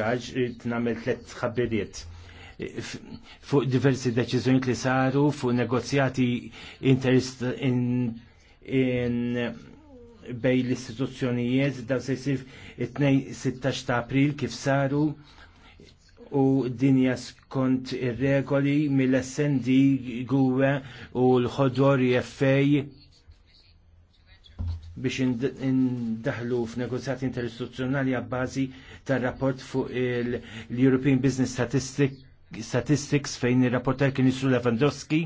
t tnamel tlet ħabbiriet fuq diversi deċizjoni li saru fuq negozjati interist in, in bej l-istituzzjonijiet daw se jsir it 16 ta' april kif saru u dinja skont ir-regoli mill-SND guwe u l-ħodor e fej biex indaħlu f'negozjati interistituzzjonali għabbażi tar-rapport fuq l-European Business Statistics fejn ir-rapporter kien Isru Lewandowski